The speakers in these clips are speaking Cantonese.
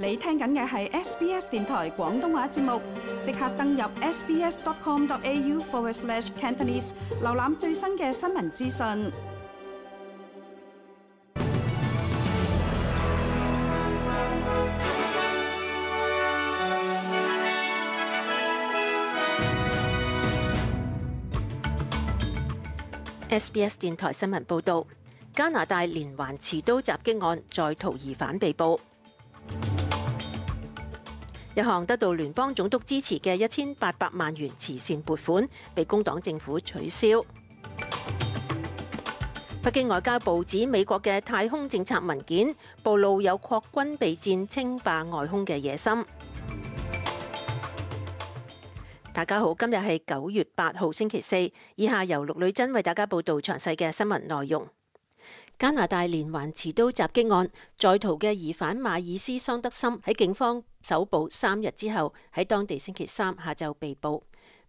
你聽緊嘅係 SBS 電台廣東話節目，即刻登入 sbs.com.au/cantonese an 瀏覽最新嘅新聞資訊。SBS 電台新聞報道，加拿大連環持刀襲擊案在逃疑犯被捕。一項得到聯邦總督支持嘅一千八百萬元慈善撥款被工黨政府取消。北京外交部指美國嘅太空政策文件，暴露有擴軍備戰、稱霸外空嘅野心。大家好，今日係九月八號星期四，以下由陸女真為大家報道詳細嘅新聞內容。加拿大連環持刀襲擊案在逃嘅疑犯馬爾斯桑德森喺警方搜捕三日之後，喺當地星期三下晝被捕。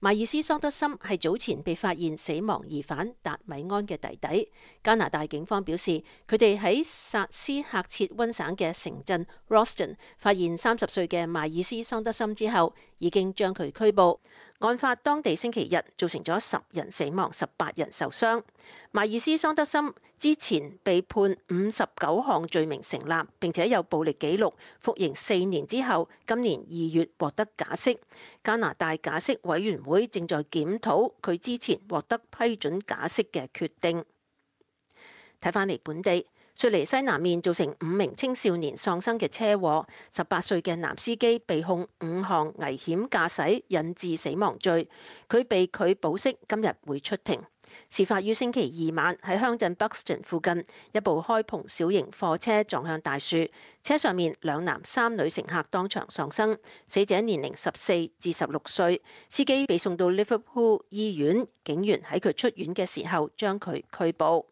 馬爾斯桑德森係早前被發現死亡疑犯達米安嘅弟弟。加拿大警方表示，佢哋喺薩斯喀切溫省嘅城鎮 Roston 發現三十歲嘅馬爾斯桑德森之後，已經將佢拘捕。案發當地星期日造成咗十人死亡、十八人受傷。邁爾斯桑德森之前被判五十九項罪名成立，並且有暴力記錄，服刑四年之後，今年二月獲得假釋。加拿大假釋委員會正在檢討佢之前獲得批准假釋嘅決定。睇返嚟本地。雪梨西南面造成五名青少年喪生嘅車禍，十八歲嘅男司機被控五項危險駕駛引致死亡罪，佢被拒保釋，今日會出庭。事發於星期二晚喺鄉鎮 Buxton 附近，一部開篷小型貨車撞向大樹，車上面兩男三女乘客當場喪生，死者年齡十四至十六歲，司機被送到 Liverpool 醫院，警員喺佢出院嘅時候將佢拘捕。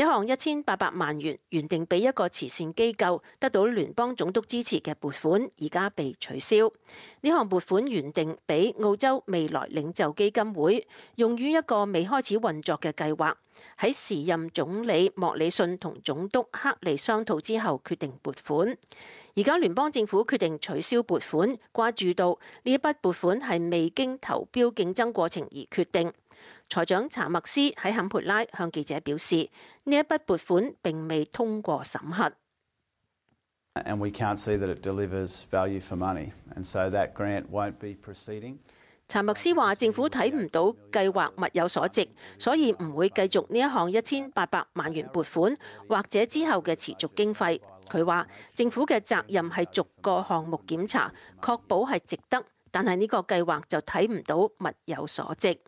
呢項一千八百萬元原定俾一個慈善機構得到聯邦總督支持嘅撥款，而家被取消。呢項撥款原定俾澳洲未來領袖基金會用於一個未開始運作嘅計劃。喺時任總理莫里遜同總督克利商討之後決定撥款。而家聯邦政府決定取消撥款，關注到呢一筆撥款係未經投標競爭過程而決定。財長查默斯喺堪培拉向記者表示，呢一筆撥款並未通過審核。And we 查默斯話：政府睇唔到計劃物有所值，所以唔會繼續呢一項一千八百萬元撥款，或者之後嘅持續經費。佢話政府嘅責任係逐個項目檢查，確保係值得，但係呢個計劃就睇唔到物有所值。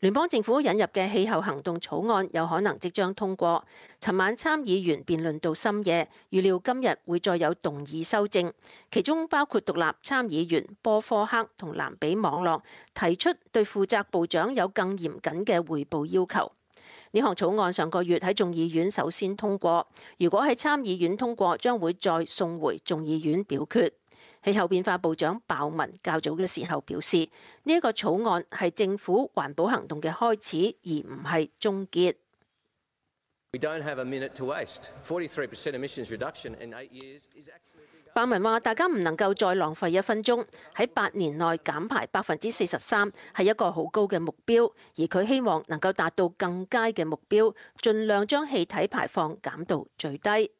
聯邦政府引入嘅氣候行動草案有可能即將通過。尋晚參議員辯論到深夜，預料今日會再有動議修正，其中包括獨立參議員波科克同藍比網絡提出對負責部長有更嚴謹嘅匯報要求。呢項草案上個月喺眾議院首先通過，如果喺參議院通過，將會再送回眾議院表決。氣候變化部長鮑文較早嘅時候表示，呢一個草案係政府環保行動嘅開始，而唔係終結。鮑文話：大家唔能夠再浪費一分鐘，喺八年內減排百分之四十三係一個好高嘅目標，而佢希望能夠達到更佳嘅目標，盡量將氣體排放減到最低。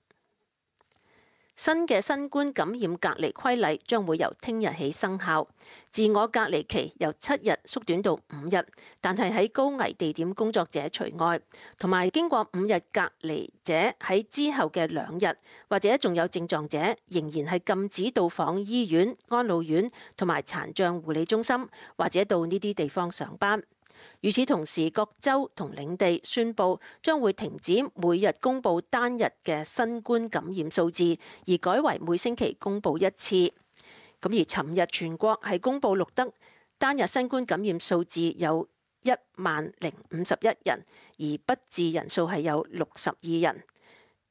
新嘅新冠感染隔離規例將會由聽日起生效，自我隔離期由七日縮短到五日，但係喺高危地點工作者除外，同埋經過五日隔離者，喺之後嘅兩日，或者仲有症狀者，仍然係禁止到訪醫院、安老院，同埋殘障護理中心，或者到呢啲地方上班。與此同時，各州同領地宣布將會停止每日公布單日嘅新冠感染數字，而改為每星期公布一次。咁而尋日全國係公布錄得單日新冠感染數字有一萬零五十一人，而不治人數係有六十二人。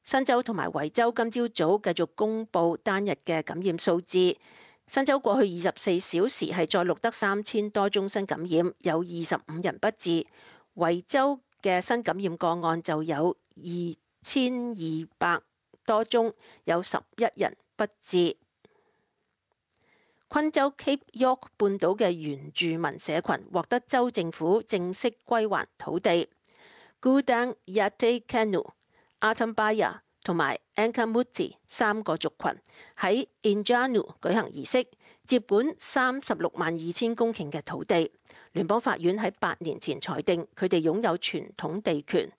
新州同埋維州今朝早早繼續公布單日嘅感染數字。新州過去二十四小時係再錄得三千多宗新感染，有二十五人不治。維州嘅新感染個案就有二千二百多宗，有十一人不治。昆州 Cape York 半島嘅原住民社群獲得州政府正式歸還土地。Gudang Yatekanu，Atambaya。同埋 Ankamuthi 三個族群喺 Injinoo 舉行儀式，接管三十六萬二千公頃嘅土地。聯邦法院喺八年前裁定佢哋擁有傳統地權。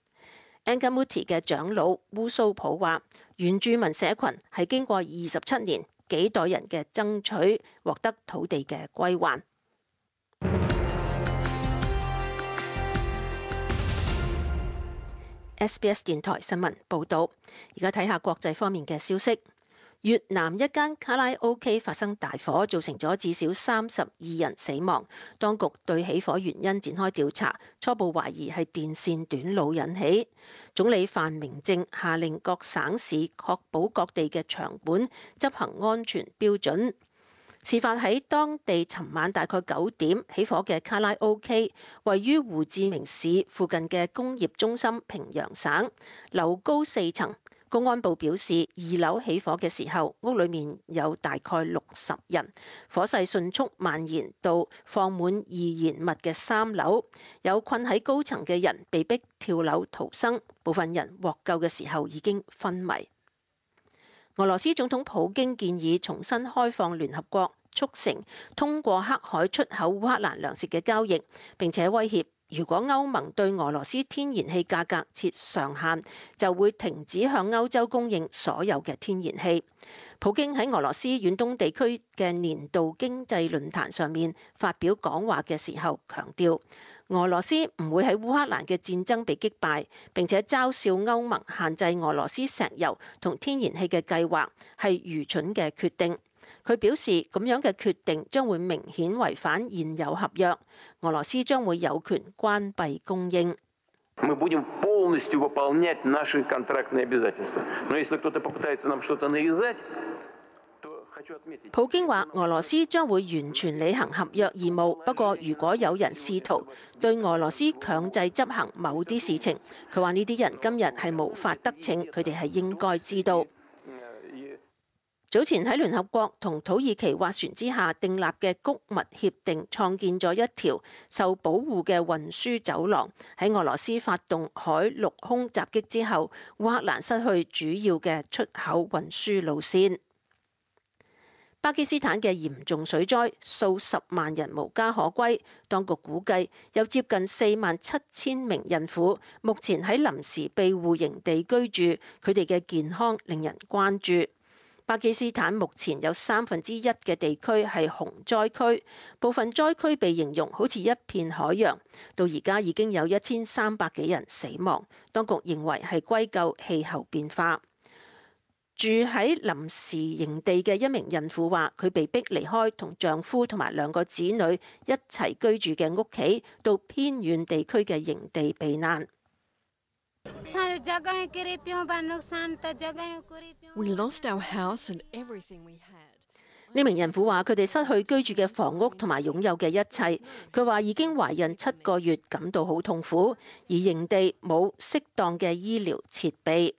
Ankamuthi 嘅長老烏蘇普話：原住民社群係經過二十七年幾代人嘅爭取，獲得土地嘅歸還。SBS 電台新聞報導，而家睇下國際方面嘅消息。越南一間卡拉 OK 發生大火，造成咗至少三十二人死亡。當局對起火原因展開調查，初步懷疑係電線短路引起。總理范明政下令各省市確保各地嘅場館執行安全標準。事發喺當地尋晚大概九點起火嘅卡拉 OK 位於胡志明市附近嘅工業中心平陽省，樓高四層。公安部表示，二樓起火嘅時候，屋裡面有大概六十人。火勢迅速蔓延到放滿易燃物嘅三樓，有困喺高層嘅人被逼跳樓逃生，部分人獲救嘅時候已經昏迷。俄羅斯總統普京建議重新開放聯合國。促成通過黑海出口烏克蘭糧食嘅交易，並且威脅如果歐盟對俄羅斯天然氣價格設上限，就會停止向歐洲供應所有嘅天然氣。普京喺俄羅斯遠東地區嘅年度經濟論壇上面發表講話嘅時候，強調俄羅斯唔會喺烏克蘭嘅戰爭被擊敗，並且嘲笑歐盟限制俄羅斯石油同天然氣嘅計劃係愚蠢嘅決定。佢表示咁樣嘅決定將會明顯違反現有合約，俄羅斯將會有權關閉供應。普京話：俄羅斯將會完全履行合約義務，不過如果有人試圖對俄羅斯強制執行某啲事情，佢話呢啲人今日係無法得逞，佢哋係應該知道。早前喺聯合國同土耳其斡旋之下訂立嘅谷物協定，創建咗一條受保護嘅運輸走廊。喺俄羅斯發動海陸空襲擊之後，烏克蘭失去主要嘅出口運輸路線。巴基斯坦嘅嚴重水災，數十萬人無家可歸，當局估計有接近四萬七千名孕婦目前喺臨時庇護營地居住，佢哋嘅健康令人關注。巴基斯坦目前有三分之一嘅地區係洪災區，部分災區被形容好似一片海洋。到而家已經有一千三百幾人死亡，當局認為係歸咎氣候變化。住喺臨時營地嘅一名孕婦話，佢被逼離開同丈夫同埋兩個子女一齊居住嘅屋企，到偏遠地區嘅營地避難。We lost our house and everything we had。呢名孕婦話：佢哋失去居住嘅房屋同埋擁有嘅一切。佢話已經懷孕七個月，感到好痛苦，而營地冇適當嘅醫療設備。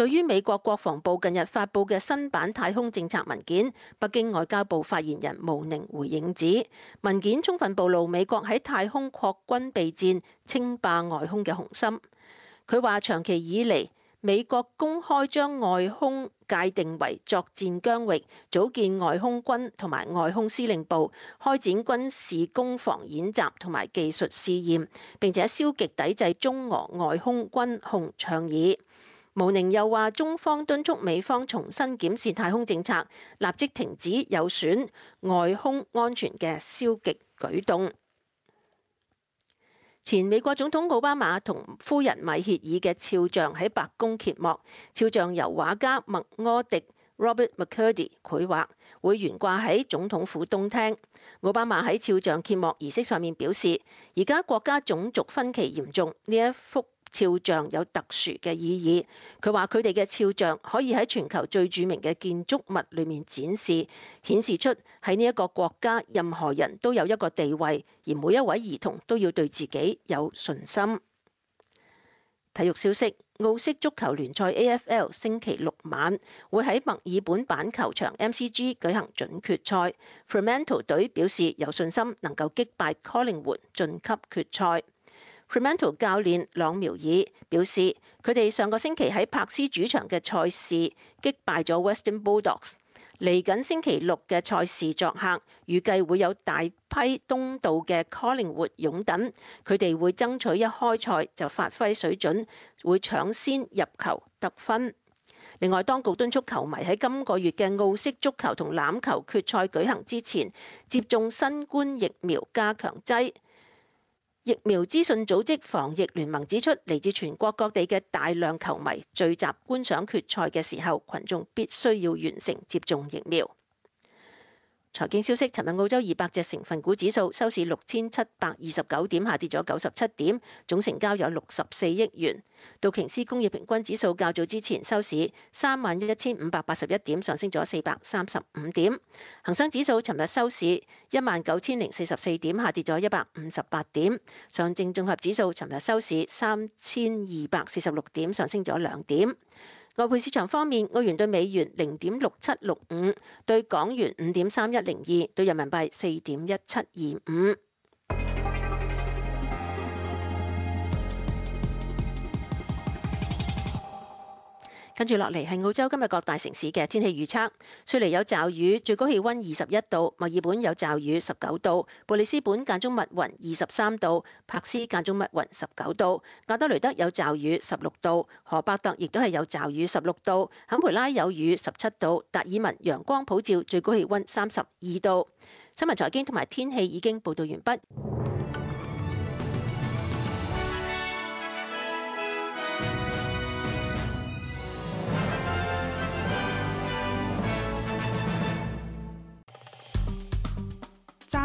對於美國國防部近日發布嘅新版太空政策文件，北京外交部發言人毛寧回應指，文件充分暴露美國喺太空擴軍備戰、稱霸外空嘅雄心。佢話：長期以嚟，美國公開將外空界定為作戰疆域，組建外空軍同埋外空司令部，開展軍事攻防演習同埋技術試驗，並且消極抵制中俄外空軍控倡議。毛寧又話：中方敦促美方重新檢視太空政策，立即停止有損外空安全嘅消極舉動。前美國總統奧巴馬同夫人米歇爾嘅肖像喺白宮揭幕，肖像由畫家麥柯迪 （Robert McCurdy） 繪畫，會懸掛喺總統府東廳。奧巴馬喺肖像揭幕儀式上面表示：而家國家種族分歧嚴重，呢一幅肖像有特殊嘅意義。佢話：佢哋嘅肖像可以喺全球最著名嘅建築物裏面展示，顯示出喺呢一個國家任何人都有一個地位，而每一位兒童都要對自己有信心。體育消息：澳式足球聯賽 AFL 星期六晚會喺墨爾本板球場 MCG 舉行準決賽。 Fremantle 隊表示有信心能夠擊敗 Collingwood 晉級決賽。Fremantle 教練朗苗爾表示，佢哋上個星期喺柏斯主場嘅賽事擊敗咗 Western Bulldogs。嚟緊星期六嘅賽事作客，預計會有大批東道嘅 Collingwood 擁躉，佢哋會爭取一開賽就發揮水準，會搶先入球得分。另外，當局敦促球迷喺今個月嘅澳式足球同欖球決賽舉行之前，接種新冠疫苗加強劑。疫苗資訊組織防疫聯盟指出，嚟自全國各地嘅大量球迷聚集觀賞決賽嘅時候，群眾必須要完成接種疫苗。財經消息，尋日澳洲二百隻成分股指數收市六千七百二十九點，下跌咗九十七點，總成交有六十四億元。道瓊斯工業平均指數較早之前收市三萬一千五百八十一點，上升咗四百三十五點。恒生指數尋日收市一萬九千零四十四點，下跌咗一百五十八點。上證綜合指數尋日收市三千二百四十六點，上升咗兩點。外匯市場方面，澳元對美元零點六七六五，對港元五點三一零二，對人民幣四點一七二五。跟住落嚟係澳洲今日各大城市嘅天氣預測，雪梨有驟雨，最高氣溫二十一度；墨爾本有驟雨，十九度；布里斯本間中密雲，二十三度；柏斯間中密雲，十九度；亞德雷德有驟雨，十六度；荷伯特亦都係有驟雨，十六度；坎培拉有雨，十七度；達爾文陽光普照，最高氣溫三十二度。新聞財經同埋天氣已經報道完畢。